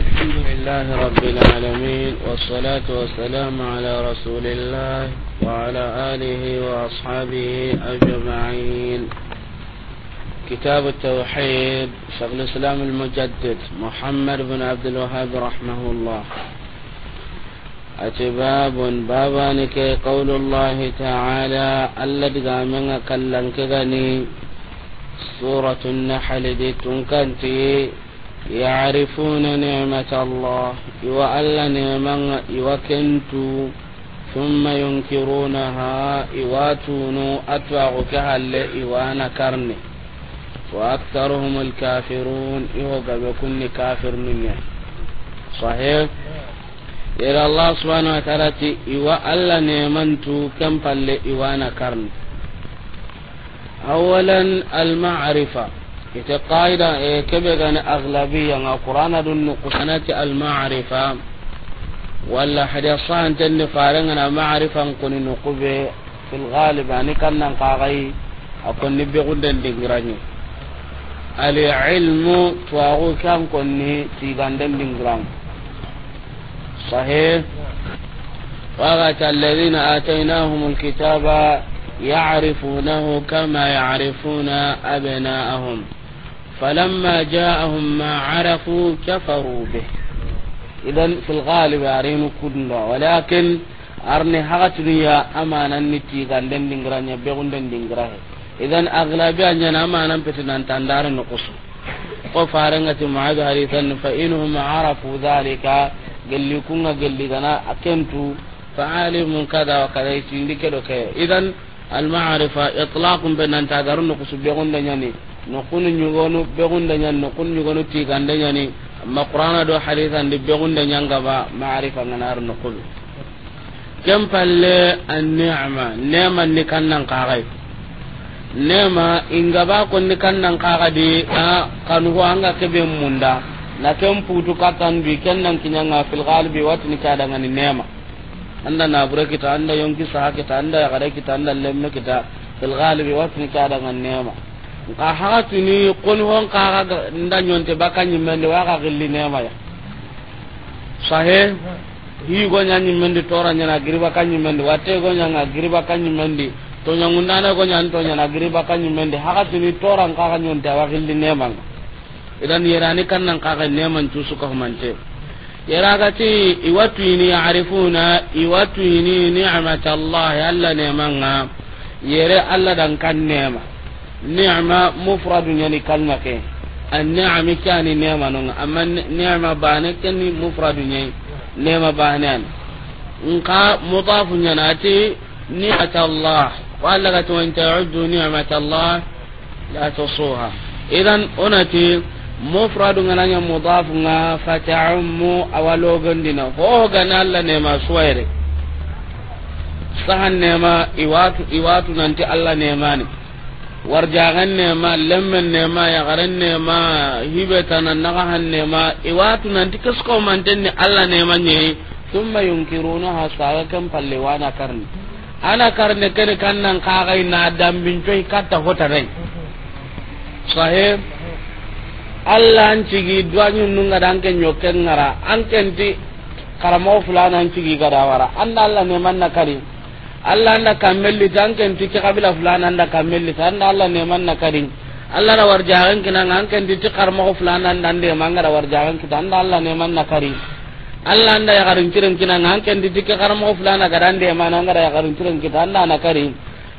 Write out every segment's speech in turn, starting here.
الحمد لله رب العالمين والصلاة والسلام على رسول الله وعلى آله وأصحابه أجمعين كتاب التوحيد شيخ الإسلام المجدد محمد بن عبد الوهاب رحمه الله أتباب بابانك قول الله تعالى الذي من كلن كغني سورة النحل دي تنكنتي يعرفون نعمة الله يوأل نعمة يوكنتو ثم ينكرونها يواتونو أتوعك هل إوان كرني وأكثرهم الكافرون يوغب كل كافر منه صحيح ira allah subhanahu wa ta'ala ti iwa alla nemantu kam palle na karni awalan al ma'rifa ite qaida e kebe gani aglabiya nga qur'ana dun nuqsanati al ma'rifa walla hadisan tan ne faran na ma'rifan kun nuqbe fil ghalib ani kannan qagai akon ni be gunden dingirani al ilmu tuagu kan konni tiganden dingirani صحيح وغت الذين آتيناهم الكتاب يعرفونه كما يعرفون أبناءهم فلما جاءهم ما عرفوا كفروا به إذا في الغالب أرين كنا ولكن أرني هغتنيا أمانا نتيغا لندنغرا نبيغن لندنغرا إذا أغلبية أننا أمانا بتنان تندار نقصو قفارنة معاذ حديثا فإنهم عرفوا ذلك gelli kunga gelli gana akentu fa fa'alimun kada wa kada isindi kedo ke idan al alma'rifa itlaqun bi nan garun no kusubbe gonda nyani no kunu nyugonu be gonda nyani no kunu nyugonu ti ganda nyani amma qur'ana do hadithan di be gonda nyanga ba ma'rifa ar no kulu kam palle an-ni'ma nema ni kannan qaray nema ingaba ko ni kannan qaga a kanu ko anga kebe munda na ken putu katan bi ken nan kinyanga fil ghalbi watni kada ngani nema anda na bure kita anda yonki saha kita anda ya gare kita anda lemme kita fil ghalbi watni kada ngani nema ka hatu ni kun hon ka ga nda nyonte bakanyi mende wa ka gilli nema ya sahe hi go nyanyi mende tora nyana giriba kanyi mende wate go nyanga giriba kanyi mende to nyangundana go nyanto nyana giriba kanyi mende hakatu ni tora ka ga nyonte wa gilli nema nga idan yerani kannan kaga neman tu suka humante yeragati iwatu ini yarifuna iwatu ini ni'mata allah alla nemanga yere alla dan kan nema ni'ma mufradun yani kalma ke an-ni'am kani nema nun amma ni'ma bane kani mufradun yani nema bahanan nka mudafu nyanati ni'mata allah qala la tu'uddu ni'mata allah la tusuha idan onati mufradu ngana nya mudaf nga fata'ummu awalo dina ho gana alla ne ma suwaire sahan ne ma iwatu iwatu nanti alla ne ma ni warjagan ne ma lemmen ne ma ya garan ne ma hibetana naga han ne ma iwatu nanti kasko manten ne alla ne ma nye thumma yunkiruna hasaga kan palle wana karni ana karne kene kannan kagai na dambin coy katta hotare sahib Allah an cigi duwanyu nunga da anke nyoken ngara anke nti karamo fulana an cigi gara wara anda Allah ne manna kari alla anda kamelli tanke nti ke kabila fulana anda kamelli anda Allah ne manna kari alla da warjagan kina an nti ti karamo fulana anda ande mangara warjagan kita anda Allah ne manna kari Allah anda ya garin kiran kina an nti ti ke karamo fulana gara ande da ya garin tiren kita anda na kari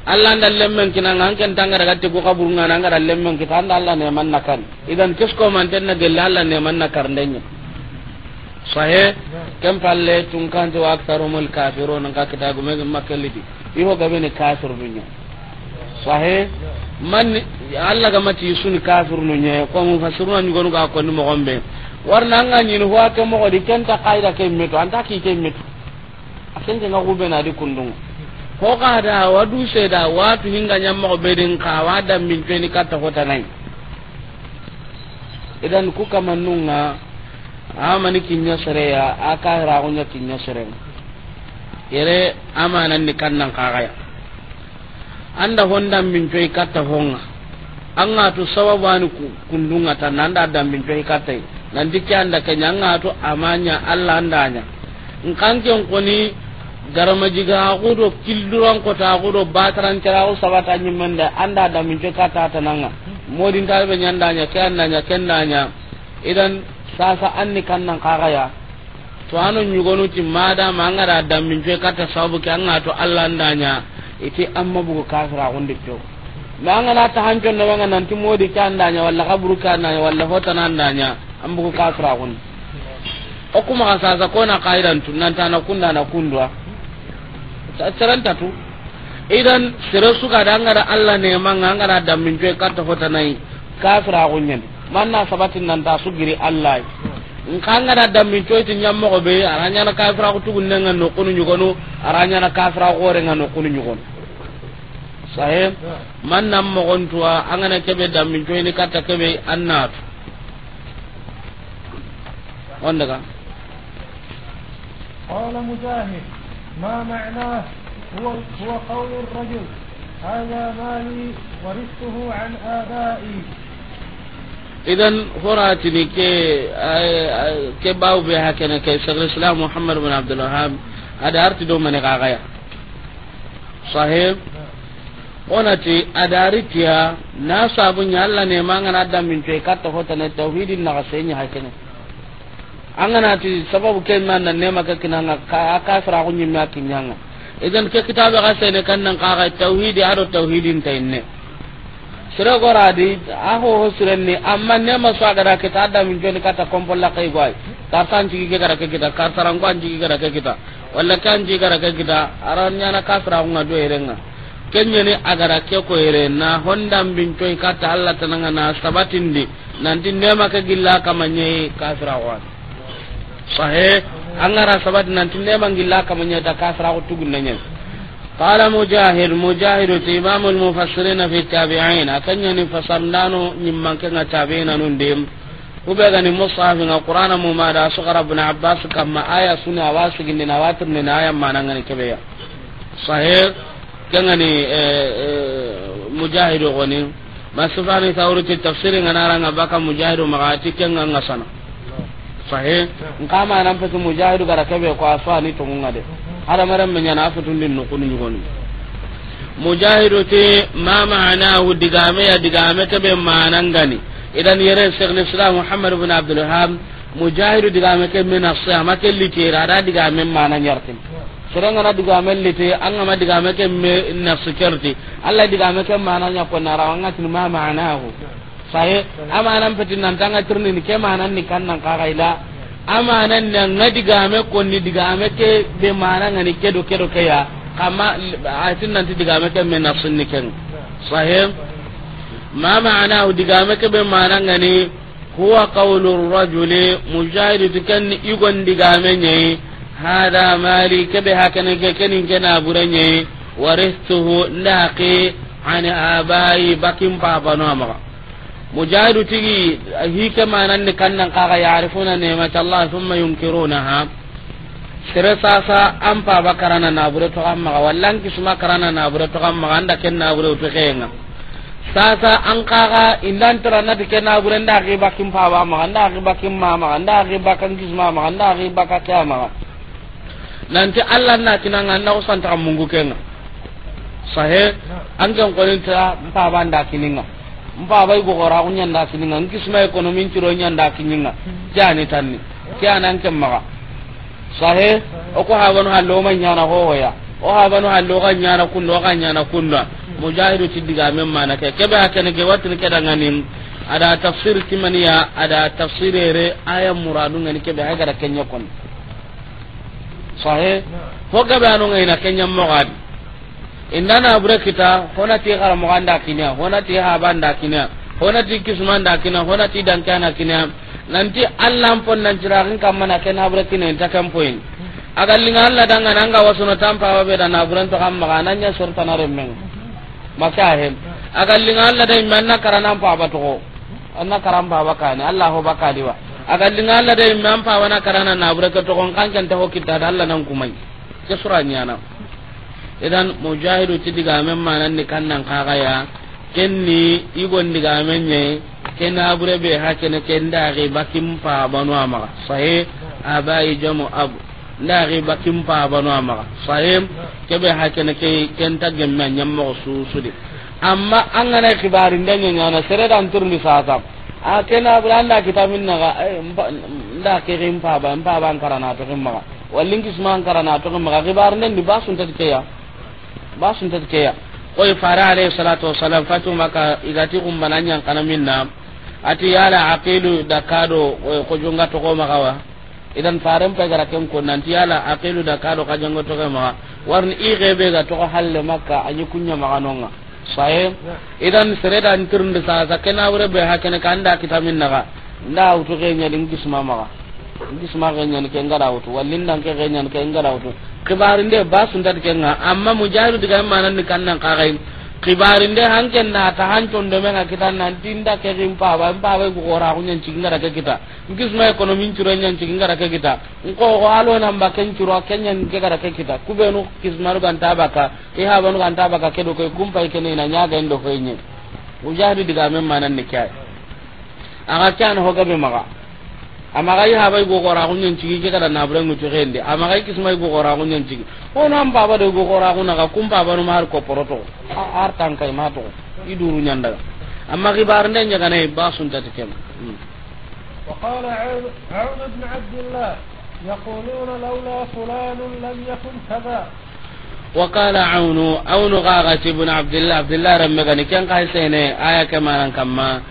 allah nda lemmen kina nga anken tangara daga ko kaburu nga nga lemmen kita anda allah ne man nakan idan kesko man tenna gella allah ne man nakar ndenya sahe kem palle tun kan to aktarumul kafirun ka kitabu me makkalidi iho gabe ne kafir dunya sahe man allah ga mati suni kafir nunya ko mu fasiruna ni gonu ga ko ni mo gombe warna nga ni ho ka mo di kenta kaida ke meto anta ki ke meto akende nga kubena di kundungu ka da wa du da wa tu hinga nyamma ko bedin ka wa da min ni kata kota nai idan ku ka kamannunga amani kinya sereya aka ragunya kinya sereng yere amanan ni kannan kagaya anda honda min coy kata honga anga to sababu an kundunga tan nan da min coy kata nan dikya anda kanya anga to amanya Allah andanya ngkan koni garama jiga kudo kilduran ko ta kudo bataran cara ko sabata nyimanda anda da min jeka ta tananga modin ta be nyanda nya kenda nya kenda nya idan sasa anni kan kannan kagaya to anu nyugonu ti mada mangara da min jeka ta sabu kan anga to Allah ndanya iti amma bu bugo kasra gonde to manga na ta hanjon na manga nan ti modi kanda nya walla kaburu kanda nya walla hota nan ndanya ambugo kasra gonde o kuma sasa kona kaidan tunan ta na kunna na kundwa serentatu idan sere suga da angara allah nemanga angara dammincoe katta hotanai kafiraxuñani manna sabatin allah nka angara dammincoyti ñammoxo ɓe ara ñana kafiraxu tugunnenga noqunu ñugonu ara ñana kafiraxu xorenga noqunu ñugonu sahe man nan mogontuwa an gana kebe damin ni kata kebe an natu wanda ka قال ما معناه هو هو قول الرجل هذا مالي ورثته عن آبائي idan horatini ke ke bawu be hakene ke shaykhul islam muhammad bin abdul wahhab ada arti do mane kagaya sahib onati adari tiya na sabunya allah ne mangana adam min to katta hotane tauhidin na kasenya hakene anganati sababu ken man nan nema ka kinanga ka ka sara ko nyimma kinyanga idan ke kitabe ga sene kan nan ka ga tauhidi aro tauhidin ta inne sire goradi aho ho ni amma nema so da ke ta min joni kata la kai gwai kartan jigi ke gara ke kita kartaran gwan jigi gara ke kita walla kan jigi gara ke kita aran sara kasra ngna do erenga kenyani agara ke ko erenna honda bin joni kata Allah tananga na sabatindi nanti nema ka gilla kamanye kasra wan sahe an gara sabat nan tun ne man ya ta kasara ku tugun na qur'ana mu ma da su rabbun abbas kamma aya sunna wa su gindi na sahe nka ma nan fasu mujahidu gara kabe ko aswa ni tungunga de ada maram men yana tun din no ni nyugonu mujahidu te ma ma'anahu digame ya digame kebe ma'anan gani idan yere shaykhul islam muhammad ibn abdul wahhab mujahidu digame ke min asya ma ke litira rada digame manan yartin serenga na digame lite anga ma digame ke me nafsu kerti alla digame ke manan ya ko narawanga tin ma maana hu. sahe amanan peti nan tanga tirni ni ke manan ni kan nan kaga ila amanan nan ngadi game ko ni digame ke be manan ngani ke do ke do ke ya kama atin nan ti digame ke men nafsin ni ken sahe ma ma'ana digame ke be manan ngani huwa qawlu rajuli mujahidu kan igon diga digame nyi hada mali ke be hakane ke kenin kena burenye waristuhu ndaqi ani abai bakin papa no amaga mujahidu tigi hike ni kannan kaga yarifuna nimat allah thumma yunkirunaha sere sasa an paba karana nabure togan maga wallan kisuma karana na nabure togan maga anda ken nabure utu kenga sasa an kaga indan tara nati ken bude nda ki bakin ba maga nda ki bakin mama nda ki bakan kisuma baka nda ki bakata maga nanti allah na tinanga na usanta mungu kenga sahe an kan kolinta paba nda kininga mpabai gogora ku nyanda sininga nkisma ekonomi nda nyanda kinyinga jani tanni kianan kemmaga sahe oko habanu hallo ma nyana ya o habanu hallo ga nyana kunno ga nyana kunna mujahidu tidiga men na ke kebe hakene ke da ngani ada tafsir kimaniya ada tafsir re aya muradu ngani kebe hagara kenya kon sahe ho gabe ngai na kenya di. inda na bure kita hona honati karamoga nda kinya ti haba nda kinya ti kisman da kinya honati dankana kinya nanti allah pon nan jiragin kam na ken habure kinya ta kam poin aga linga allah danga nanga na tampa wa be dan buran to kamma kananya surta na remmen masahem aga linga allah dai manna karana pa ba ko anna karam ba ba kana allah ho ba kadi aga linga allah dai man pa wana karana na bure ka to kon kan kan ta ho kita allah nan kumai ke suranya na idan mujahidu ti men manan ni kannan ya kenni igon men nye kena bure be hakene kenda ri bakim pa banu amara sahe abai jamu abu nda ri bakim pa banu amara be ha hakene ke kenta gemma su di amma an gana kibari ndanye nyana sere dan turmi sasa a kena bure anda na naga e, nda ke rim pa ban pa ban karana to kimma wallin kisman karana to kimma kibar nden di basun ya. ba sun ta ke keya koy fara alayhi salatu wa wassalam fatu maka igati kumbana nyan kana minna ati yala aqilu da kado ko junga to ko makawa idan faran pe gara kem ko nanti yala aqilu da kado ka junga to ko ma warni i igebe ga to halle maka anyi kunya makanonga sai idan sereda antirnde sa sa kena wure be hakene kanda minna ga nda utuke nyalin kisma maka disma ganyan ke ngara wutu wallindan ke ganyan e ke ngara wutu kibarinde basun dat ke nga amma mu mujahid diga manan ni kannan kagai kibarinde hanken na ta hancon de menga kita nan tinda ke rim pa ba pa ba ko ora kunyan cingara ke kita ngisma ekonomi curo nyan cingara ke kita ko ko alo nan ba ken curo kenyan ke gara ke kita kubenu kismaru kan tabaka e ha banu kan tabaka ke do ko kumpai ke ne na nyaga endo ko nyen mujahid diga men manan ni kai aga kan ho gabe maga amaga yi habai go gora ko nyen cigi kada na bure ngutu hende amaga yi kismai go gora ko nyen cigi ono am baba de go gora ko naga baba no mar ko poroto ar tan kai mato iduru nyanda amma ki barnde nyaga nay basun tatikem وقال عون بن عبد الله يقولون لولا فلان لم يكن كذا وقال عون عون غاغت بن عبد الله عبد الله رمغني كان قال سينه آية كما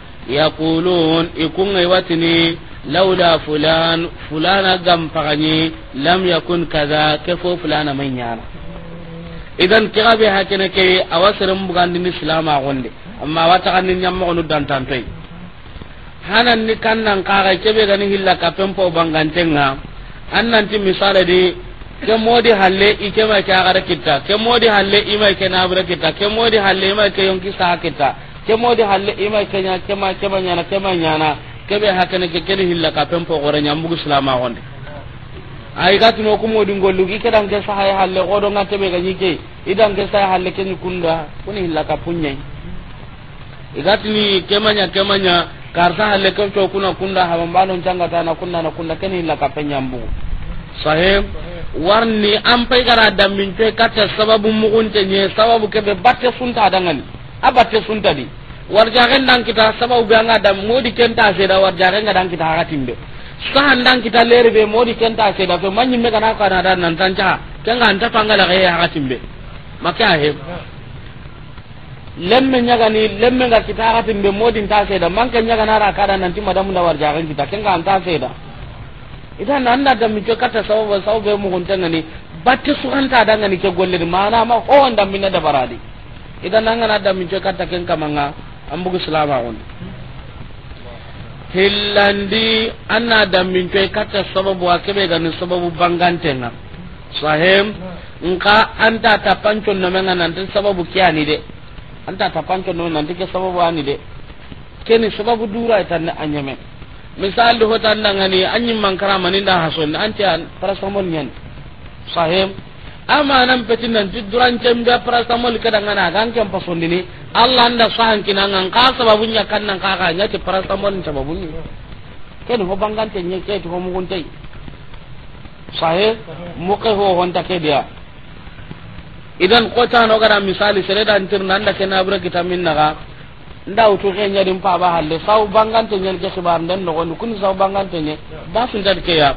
laula fulan fulana gam pagani lam yakun kaza ke fo fulana man yana idan kira be hakene ke awasirin bugandi ni silama gonde amma wata kan nyam mo nu dantan toy hanan ni kannan kaga kebe ganin hilla ka pempo bangantenga annan ti misale di ke modi halle ke ma ka agara kitta ke modi halle ima ke bra kitta ke modi halle ima ke yonki sa kitta ke modi halle ima ke nya ke ma ke ma nyana ke ma nyana kebe hakene ke kene hilla ka pempo gore nyambugu islama gonde ay gatino ko modi ngollu gi kedan ke sahay halle odo ngate be ganyi ke idan ke sahay halle ke kunda kuni hilla ka punye igatini kemanya kemanya karta halle ke to kuna kunda habambano changa tana kunda na kunda kene hilla ka penyambugu sahem warni an gara damin te kata sababu mugunte nye sababu kebe batte sunta adangani abatte sunta di warjagen dan kita sababu be anga da modi kenta se da warjagen ga dan kita ha timbe sahan dan kita leri be modi kenta se da fe manyi me kana na dan nan tanca kenga anta pangala ga ha timbe maka he lemme ni lemme nga kita axatin ɓe modin ta man ken seeda manke ñaganara kada nanti madamunda warjaxen kita kenga anta seeda itan anda dammi ke katta sababa sababe muguntengani batte suganta dangani ke golledi manama howon dammina dabaradi idan angana dammi ke katta ken kamanga an bugu silama wani hillandi anna dammin coy kata sababu wa kebe ganin sababu na sahem nka anta mena nan tan sababu kiani de anta pancon nomenga nan ke sababu ani de keni sababu dura ne anyame misal do hotan ngani anyi mankara maninda hason anti an parasamon nyen sahem ama nan petin nan duran cembe parasamol kadangana gan kem pasondini allah anda sahan kinangan ka sababunya kannan kaka nyati parasamon sababunni ken ho bangante nye ke to muguntai sahe muke ho honta ke dia idan kota no gara misali sere dan tir nan da ken abra kita min naga nda utu ke nya din pa ba halle sau bangante nye ke khibar den no kun sau bangante nye ba sun dad ke ya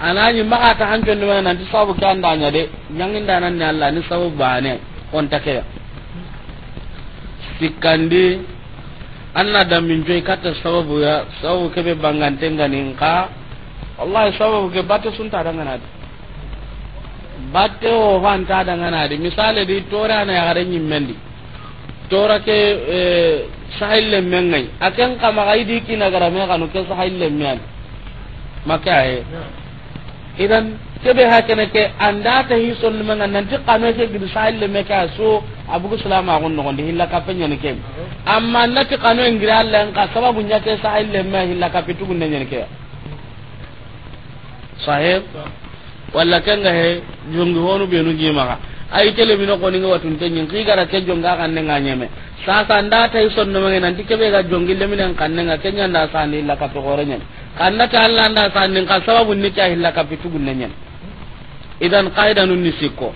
anani maka ta hanjo ni mana nanti sabu ke anda de nyangin danan ni Allah ni sabu bane on take sikandi anna da min joy kata sababu ya sababu ke be bangante ngani ka Allah sababu ke batte sun ta dangana de batte o han ta dangana de misale di tora na ya garin mendi tora ke e, sahil le mengai akan kama gaidi kina garame kanu ke sahil le men maka he idan kebe hakene ke anda ta hi son men nan ti kanu ke gidi salle me ka so abugo salama gon no gondi hilla ka penya ne ke amma na ci kanu en gira Allah ka sababu nya ke salle me hilla ka pitu gun ne ke sahib walla kanga he jongi honu be no jima ay tele mino ko ni ninga watun te nyin kigara ke jonga kan ne nganyeme sasa anda ta hi son men nan ti kebe ga jongi le minen kan ne ga kenya nda sani la ka to gorenyen kanna ta Allah anda sannin ka sababu ni ta hilla ka fitu gunnenyen idan qaida nun ni sikko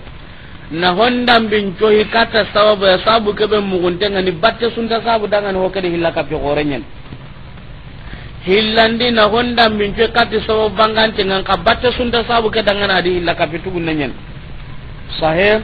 na honda bin cohi kata sababu ya sabu mu mugunte ngani batte sunta sabu dangan ho kede hilla ka fi gorenyen hillandi na honda bin cohi kata sababu bangante ngan ka batte sunta sabu ke dangan adi hilla ka fitu gunnenyen sahih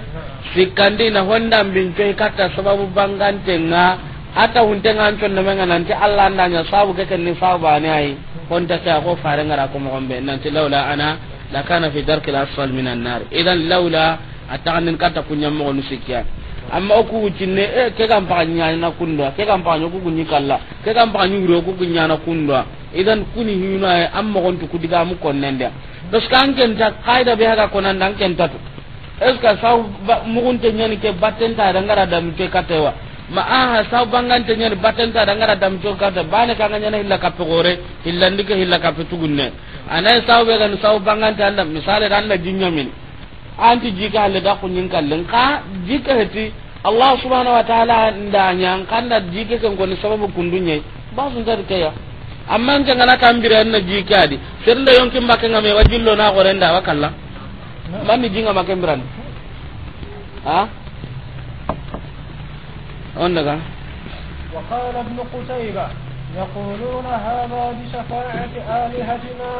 sikandi na honda bin cohi kata sababu bangante nga ata hunte ngan con na menga nanti Allah andanya sabu ke ken ni sabu ani ai honta ke ako fare ngara ko mogon be nanti laula ana la kana fi darkil asfal minan nar idan laula ataganin kata kunyam mogon sikiya amma oku cinne e eh, ke kam pa nyaani na kunda ke kam pa nyoku kunyi kalla ke kam pa nyuro ku kunya na kunda idan kuni hina e amma gon tu kudiga mu kon konnende dos kan ken ta kaida be haga konan dan ken tatu eska saw mugun te nyani ke batten ta dangara dam ke katewa ma aha saw bangante batan ta da ngara dam joka da bane ka nyana illa kappe gore illa ndike illa kappe tugunne anay saw be gan saw ta Allah misale da la jinya min anti jika halle da kunyin kallen ka jika heti Allah subhanahu wa ta'ala kan da jika kan ko ni sababu kundunye ba sun ke ya amma an kanga na tambira na jika di sirnda yonkin makanga me wajillo na gore nda wakalla mami jinga makembrani ha on daga وقال ابن قتيبة يقولون هذا بشفاعة آلهتنا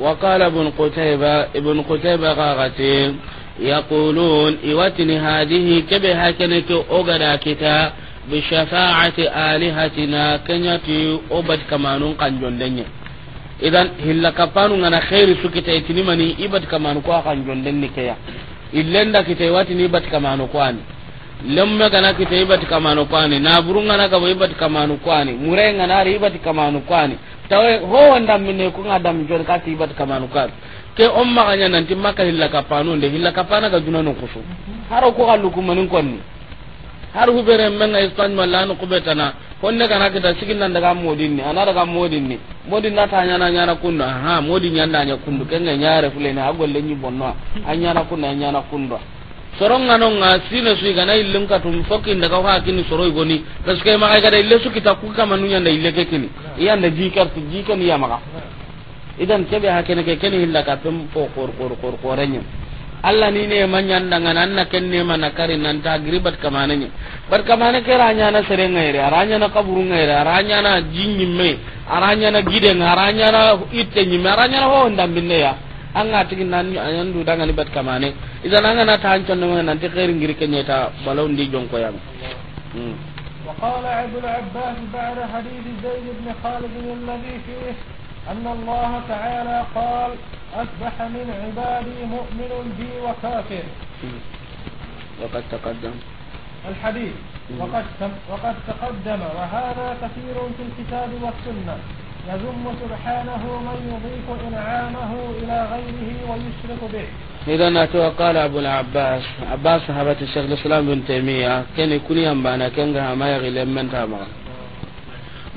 وقال ابن قتيبة ابن قتيبة غاغتي يقولون إوتني هذه كبه هكنك أغراكتا بشفاعة آلهتنا كنيتي أبد كمانون قنجون دنيا idan hilla kapanu ngana khairi sukita itinimani ibat kamanu kwa kanjon denni kaya illenda kita iwatini ibat kamanu kwani lemme gana kita ibati kamanu kwani na burunga na kabo ibati kamanu kwani murenga na ari ibati kamanu kwani tawe ho wanda minne ku ngada mjon kati ibati kamanu kwani ke umma ganya nanti maka hilla kapano nde hilla kapana ga junano kusu haro ko kallu kumanin konni har hubere menga ispan mallan ko betana honne kana kita sigin nan daga modin ni ana daga modin ni modin na tanya na nyana kunno ha modin nyanda nya kundu kenga nyare fulene agolle nyi bonno anya na kunna anya na kundu soronga nonga sine su ga nai ka tum fokin daga ha kini soro goni parce que ma ga da ille su kita ku kama nunya da ille ke kini iya da jikar ti jikan iya maka idan ke ha kene ke kini hilla ka tum po kor kor kor korenya alla ni ne manyan daga nan na ken ne mana kare nan ta gribat kamane ni bar kamane ke ranya na serenga ire ranya na kaburu ngaire ranya na jinni me ranya na gide ranya na itte ni aranya na ho ndambinne ya an ga tigin nan an du daga ni bat kamane اذا انا gana ta hancan nan nan ta kairin girke ne ta balon di jonko hmm. وقال عبد العباس بعد حديث زيد بن خالد الذي فيه أن الله تعالى قال أصبح من عبادي مؤمن بي وكافر hmm. وقد تقدم الحديث hmm. وقد وقد تقدم وهذا كثير في الكتاب والسنة يذم سبحانه من يضيف إنعامه إلى غيره ويشرك به إذا أتوا قال أبو العباس عباس صحابة الشيخ الإسلام بن تيمية كان يكون ينبانا كان ما يغلي من تامر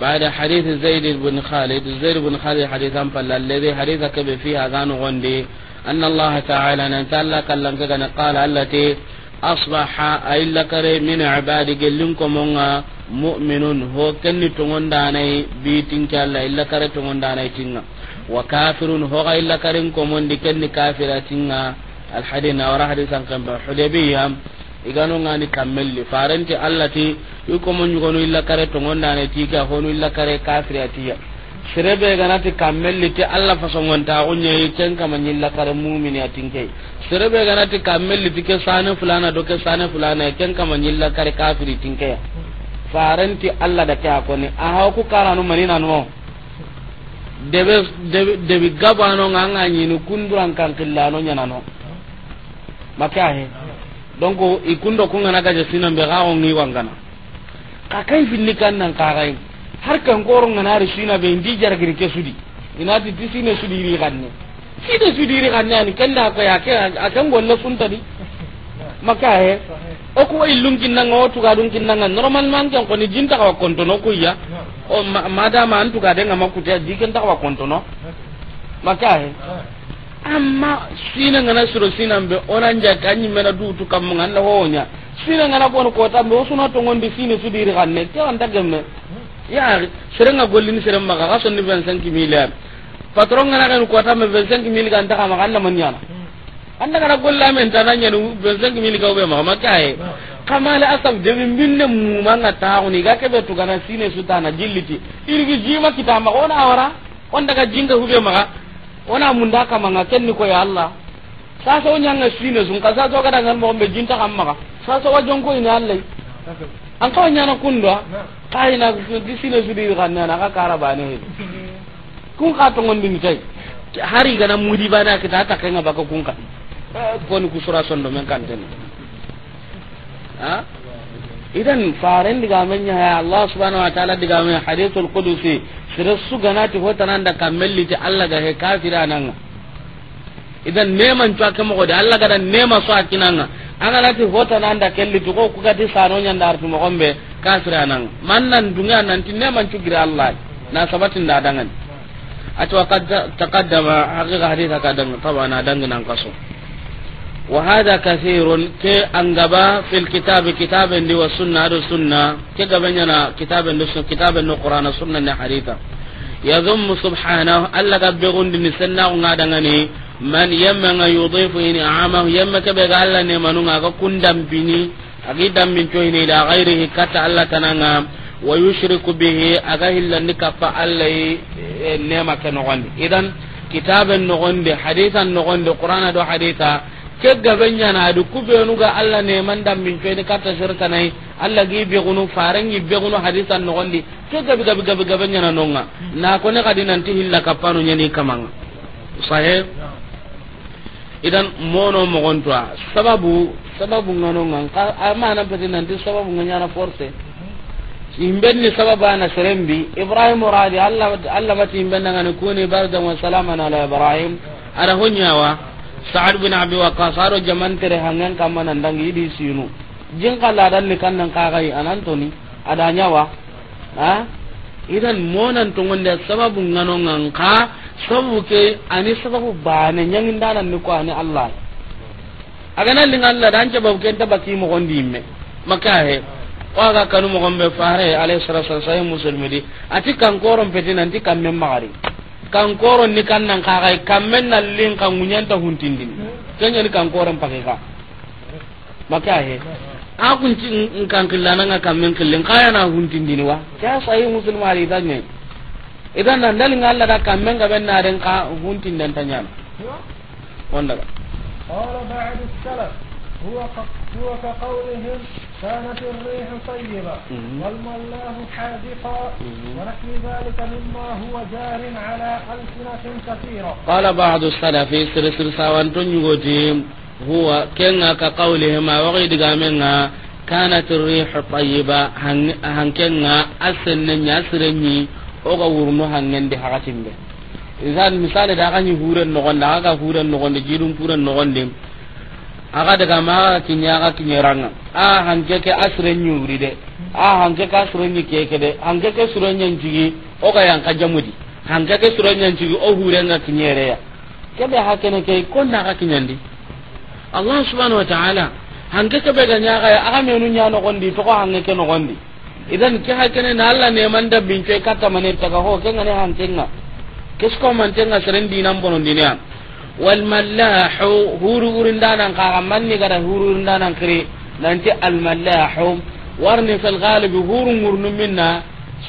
بعد حديث زيد بن خالد زيد بن خالد حديثا فلا الذي حديثك فيها غان غندي أن الله تعالى نتالا كلن قال التي أصبح أي لكري من عبادك لنكم mu'minun ho kenni tongon danai bi tinki Allah illa kare tongon danai tinga wa kafirun ho ga illa kare ko mondi kenni kafira tinga al hadin wa ra hadisan kan ba hudaybiyya igano ngani kamelli farenti Allah ti yu ko mon yugo illa kare tongon danai ti ga honu illa kare kafira tiya sirebe ganati kamelli ti Allah fa songon ta onye yiten kamani illa kare mu'mini atinke sirebe ganati kamelli ti ke sane fulana do ke sane fulana yiten kamani illa kare kafiri tinke ya faranti allah da ke akoni aha ku karanu na no debe debe gabano nganga kundu an kan killano nyana no he donc ikundo ku ngana gaje sinan be on ni wangana ka kai finni kan nan ka kai har kan goro ngana ri sina be ndi jargiri ke sudi ina ti ti tisine sudi ri ne ti sudi ri ne ni da ko ya ke gonna sun sunta di he o ku way lungkin nanga o tuga dun kinanga normalement kan ko ni jinta ka kontono ku ya o madama an tuga denga makuta diken ta ka kontono maka he amma sina ngana suro sina mbe onan ja tanyi mena du tu kam nganda honya sina ngana bon ko ta mbe usuna to ngondi sina su diri kanne ke on dagemme ya serenga gollini serem maka ka sonni 25 milliards patron ngana kan ko ta mbe 25 milliards kan ta ma kan la manyana anda kana golla men nanya nu bezeng mili ka be ma makae eh? kamala asam de binne mu manga tauni ga ke betu kana sine sutana jilliti irgi jima kita ma ona oh, awara onda oh, daga jinga hube ma ona oh, munda ka manga kenni ko ya allah sasa o nyanga sine sun ka sa so ga ngam mo be jinta kam sa so wa jonko ina allah an kawa nyana kundwa kai na di sine di kanna na ka karabane kun ka to ngondi ni tai hari gana mudi bana kita ta ko baka ka. goni kusura sondo men ni ha idan faren diga men ya Allah subhanahu wa ta'ala diga men hadithul qudusi sirasu ganati hotanan da kamelli ti Allah ga he kafira nan idan neman cuwa kama ko da Allah ga da nema su akinanga aga lati hotanan da kelli to ko kuga ti sano nyan da artu mogombe kafira nan man nan dunga nan ti neman cu gira Allah na sabatin da dangan atwa qad taqaddama haqiqa haditha kadan tabana dangan kaso وهذا كثير كي أنقبا في الكتاب كتاب دي والسنة دي السنة كي قبننا كتاب دي السنة كتاب دي القرآن السنة دي حديثة يذم سبحانه ألا قبغن دي نسنة ونغادنني من يما يضيف إن أعامه يما كبغ ألا نمانونا كن دمبني أغي دمبن توهني إلى غيره كتا ألا تنانا ويشرك به أغهل لنكفى ألا نيما كنغن إذن كتاب النغن دي حديثا النغن دي قرآن دي حديثا ke gaben yana du kubenu ga Allah ne man dan min fe ni kata shirka nai Allah gi be gunu faran yi be gunu hadisan no gondi ke gabi gabi gabi gaben yana nga na ko ne kadin nan tihilla kapanu nyani kamang sahe idan mono mo gontwa sababu sababu ngano ngan amana pete nan ti sababu nganya na force imben ni sababa na serembi ibrahim radi Allah Allah mati imben ni kuni barda wa salaman ala ibrahim ara honyawa sa'ad bin abi wa qasaro jaman tere hangen kamana ndangi di sinu jeng kala dan ni kannan kagai anantoni ada nyawa ha idan monan to wanda sababu ngano ngangka sababu ke ani sababu bane nyang danan ni ko ani allah aga nan linga allah dan ce babu kenta baki mo gondi me maka he waga kanu mo gombe fare alayhi salatu wasallam musulmi di ati kan korom petina nanti kan memmari kan koron ni kan nan kaga men nan lin kan munyan ta huntindin kenya ni kan koron pake ka maka he a ah, kun ci in mm, kan killana kan kammen killin kaya na huntindin wa ta sai musulma ri dan ne idan nan dalin Allah da men ga benna den ka dan tanya wanda qala ba'd salaf هو هو كقولهم كانت الريح طيبة والملاه حادقا ونحن ذلك مما هو جار على ألسنة كثيرة قال بعض السلف سرسر ساوانتون تنجوتيم هو كنا كقولهما وغيد قامنا كانت الريح طيبة هن كنا أسنني أسرني أغورنو هنن دي حقاتي إذا المثال دا غني هورن نغن دا غا هورن نغن جيرون هورن نغن aga daga ma kinya aga kinyeranga a hanke ke asre nyuri de a hanke ka asre nyi ke ke de hanke ke suro nyen jigi o ka yang kajamudi hanke ke suro nyen jigi o nga hurenga kinyere ya kebe hakene ke kon na ga kinyandi allah subhanahu wa ta'ala hanke ke be ga nyaga ya aga menu nya no gondi to ko hanke ke no gondi idan ke hakene na allah ne man manda bince kata mane taga ho ke ngane hantenga kesko mantenga serendi nan bonon dinya والملاح هورو ورندانا قاغم مني قد هورو ورندانا كري نانتي الملاح ورني في الغالب هورو مرنو منا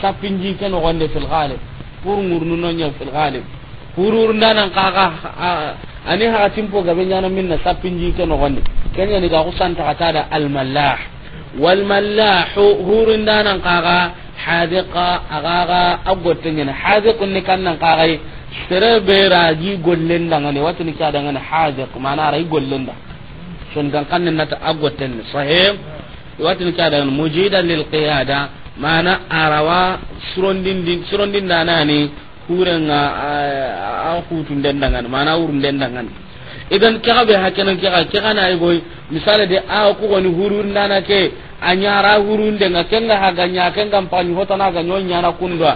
شابنجي كانوا غني في الغالب هورو نونيا في الغالب هورو ورندانا قاغا ani ha timpo gabe nyana minna sappinji ke no gonde kenya ni ga kusanta katada al mallah wal mallah hurun danan kaga hadiqa agaga agotte nyana hadiqun sere be raji gollen da ngane watu ni kada ngane haziq mana rai gollen da sun dan kan na ta agoten sahih watu ni kada ngane mujidan lil qiyada mana arawa surondin din surondin da nani hurenga a hutun den da ngane mana urun den da ngane idan kaga be hakana kaga kaga na ai goy misale de a ko woni hurun nana ke anyara hurun de ngakenga haga nyakanga mpanyu hotana ga nyonya na kundwa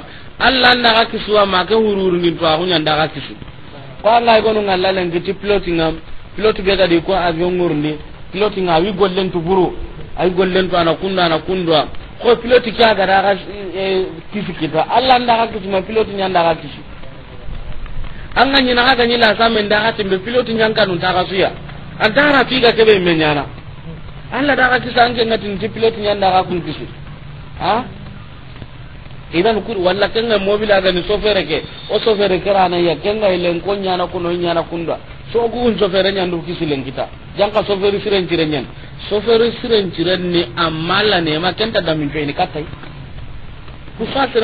allah anda ga kisuwa ma ke hururu ngin to ahunya anda ga kisu ko allah go no ngalla len giti piloting am pilot be ga di ko avion ngurndi piloting a wi gollen tu buru ay gollen to ana kunda ana kundwa ko pilot ki aga da e, ga kisu kita allah anda ga pilote ma pilot nya anda ga kisu an ga nyina ga nyila samen da ga timbe pilot kanu ta ga suya an tara fi ga kebe menyana allah da ga kisu an ga ngatin ti pilot nya anda kun kisu ha idan ku walla kenga mobila ga ni sofere ke o sofere ke na ya kenga ile ko nyana kuno nyana kunda so ku un sofere nyandu kisilen kita janka sofere siren ciren nyan sofere siren ciren ni amala ne ma kenta da min ni katai ku sa ku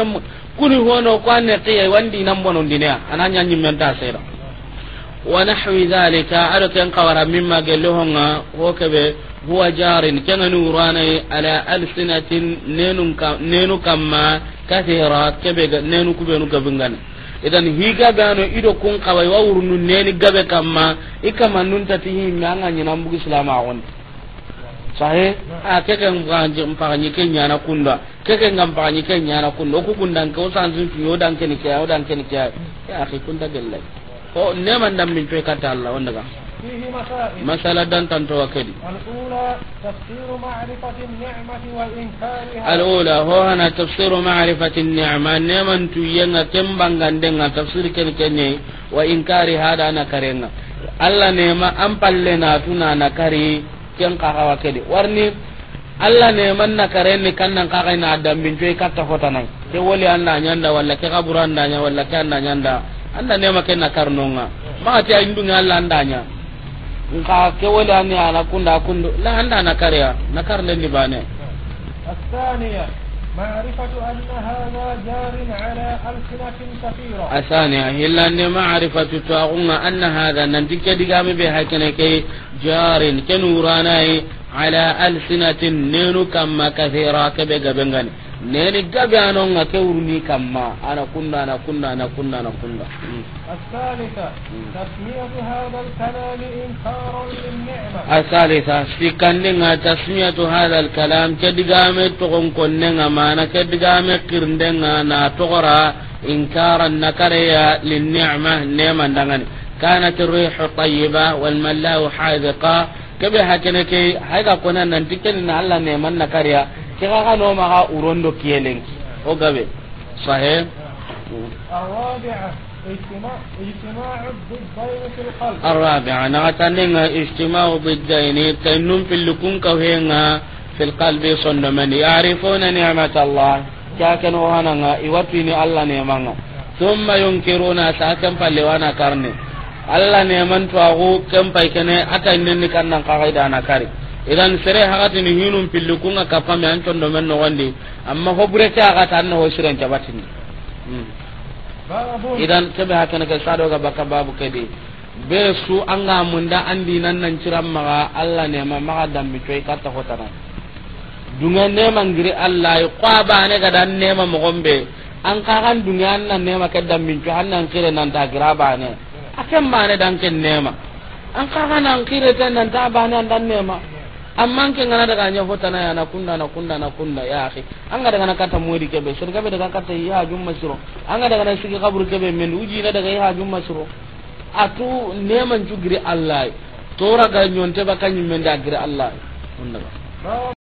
kuni hono ko te ya wandi nan bono dinya ananya nyimmen ta sera wa nahwi zalika ado yan qawara mimma honga ko kebe huwa jarin kenga ni uranai ala alsinatin nenu nenu kamma kathira kebe nenu kubenu gabingana idan higa gano ido kun kawai wa urnu neni gabe kamma ikama nun tati himme anga nyina mbugi islama on sahe a keke nganje mpaganyi kenya na kunda keke ngampanyi kenya na kunda ku kundan ko sanzin fiyo dan kenike ya dan kenike ya akhi kunda gelle ko ne man dam min pe kata Allah wanda ga مسألة دان تنتوكدي الأولى تفسير معرفة النعمة وإنكارها الأولى هو أنا تفسير معرفة النعمة نعمة تيينا تنبان بانغاندنا تفسير كن كني وإنكار هذا أنا كرينا الله نعمة أمبال لنا تنا نكري كن قاها كدي ورني Allah نعمة man na kare ni من جوي كتا فتنا تولي adam bin ولا كغبران hota ولا ke wali an نعمة nyanda walla ما kabura an na nyanda nka ke wale ani ana kunda kundo la anda na kariya na kar le ni bane asaniya ma'rifatu anna hadha jarin ala alsinatin kathira asaniya hilla ni ma'rifatu ta'unna anna hadha nan dikke digame be hakene ke jarin kenurana ala alsinatin nenu kam makathira ke be gabengani neni dabe ano nga ke urni kamma ana kunna ana kunna ana kunna ana kunna asalisa sikande nga tasmiyatu hadha alkalam kedigame togon konne nga mana kirnde na togora nema tayyiba hadiqa kebe hakene ke konan kega ga no maga urondo kiyelen o gabe sahe الرابعة اجتماع اجتماع الضدين اجتماع الضدين تنم في اللكون كوهينا في القلب يعرفون نعمة الله كاكن يوتيني الله ثم ينكرون ساكن فلوانا الله كم بايكني كنن قاعدة كاري idan sere hagati ni hinum pilli kunga kapame an tondo men wandi amma hobure ke agata anna ho siren cabatini hmm. idan kebe hakene ke sado ga baka babu kedi be su anga munda andi nan nan ciram maga alla ne ma maga dambi toy katta hotana dunga ne mangiri alla yi kwa ba ne ga dan ne ma mogombe an ka kan dunga an nan ne ma kadda min to an nan kire nan ta gira ba ne akan ma ne dan ken ne ma an ka kan an kire tan nan ta ba ne dan ne ma amma ke ngana daga nya hota na na kunna na kunna na kunna ya akhi an ga daga na kata modi kebe ga be daga kata ya jumma siro an ga daga na sigi kabur kebe men uji na daga ya jumma siro atu neman jugri allah tora ga nyonte ba kanyi men da giri allah kunna ba